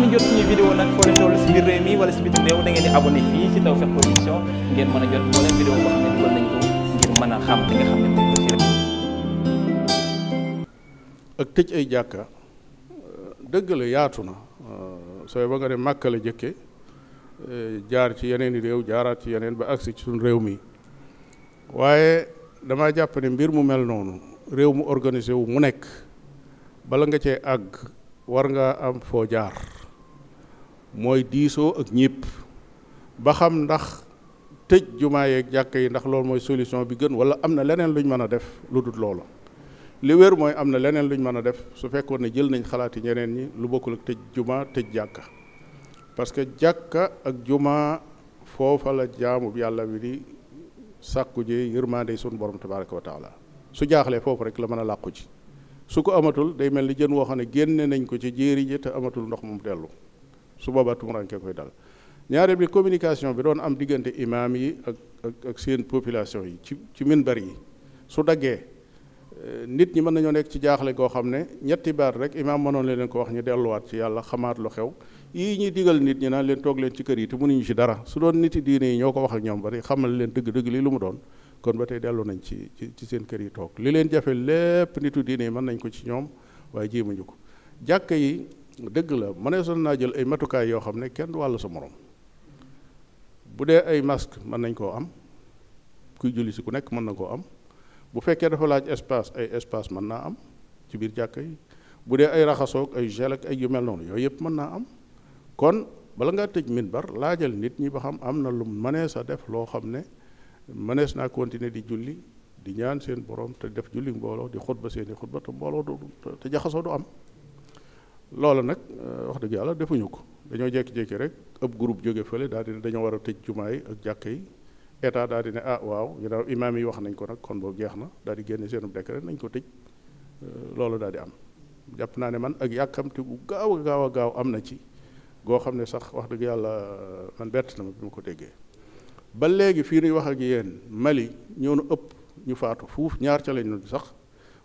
ngeen jot mën a jot moo leen vidéo ak tëj ay jàkka dëgg yaatu na sooy ba nga ne Màkka jëkke jaar ci yeneen réew jaaraat ci yeneen ba agsi ci suñ réew mi waaye damaa jàpp mbir mu mel noonu réew mu organisé wu mu nekk bala nga cee àgg war nga am foo jaar mooy diisoo ak ñëpp ba xam ndax tëj jumaa yeeg jàkk yi ndax loolu mooy solution bi gën wala am na leneen luñ mën a def lu dul loolu li wér mooy am na leneen luñ mën a def su fekkoon ne jël nañ xalaati ñeneen yi lu bokkul ak tëj jumaa tëj jàkka parce que jàkka ak jumaa foofa la jaamu yàlla bi di sàkku ji yërmande sun borom tabaraka wa taala su jaaxlee foofu rek la mën a làqu ci su ko amatul day mel ni jën woo xam ne génne nañ ko ci jéeri ji amatul ndox moom dellu su boobaa tumuranke koy dal ñaaree bi communication bi doon am diggante imaam yi ak ak seen population yi ci ci minbar yi su daggee eh, nit ñi mën nañoo nekk ci jaaxle koo xam ne ñetti baat rek imaam mënoon leen ko wax ñu delluwaat ci yàlla xamaat lu xew yii ñuy digal nit ñi naan leen toog leen ci kër yi te mënuñu ci dara su doon nit yi diine yi ñoo ko wax ak ñoom bari xamal leen dëgg-dëgg li lu mu doon kon ba tey dellu nañ ci ci seen kër yi toog li leen jafe lépp nitu diine mën nañ ko ci ñoom waaye jéemuñu ko dëgg la mëneesoon naa jël ay matukaay yoo xam ne kenn du wàll sa morom bu dee ay masque mën nañ koo am kuy julli si ku nekk mën na koo am bu fekkee dafa laaj espace ay espace mën naa am ci biir jàkk yi bu dee ay raxasoog ay gel ak ay yu mel noonu yooyu yëpp mën naa am kon bala ngaa tëj bar laajal nit ñi ba xam am na lu mënees a def loo xam ne mënees naa continuer di julli di ñaan seen borom te def julli mbooloo di xutba seeni xutba te mbooloo du te jaxasoo du am loolu nag euh, wax dëgg yàlla defuñu ko dañoo jékki-jékki rek ëpp group jóge fële daal di ne dañoo war a tëj jumaa yi ak jàkka yi état daal di ne ah waaw ginnaaw imaam yi wax nañ ko nag kon boo jeex na daal di génne seenub décret nañ ko tëj euh, loolu daal di am jàpp naa ne man ak yàkkamti gu gaaw a gaaw a gaaw am na ci goo xam ne sax wax dëgg yàlla euh, man bett na ma bi ma ko déggee ba léegi fii ñuy wax ak yéen Mali ñoo nu ëpp ñu faatu fuuf ñaar ca lañ nu sax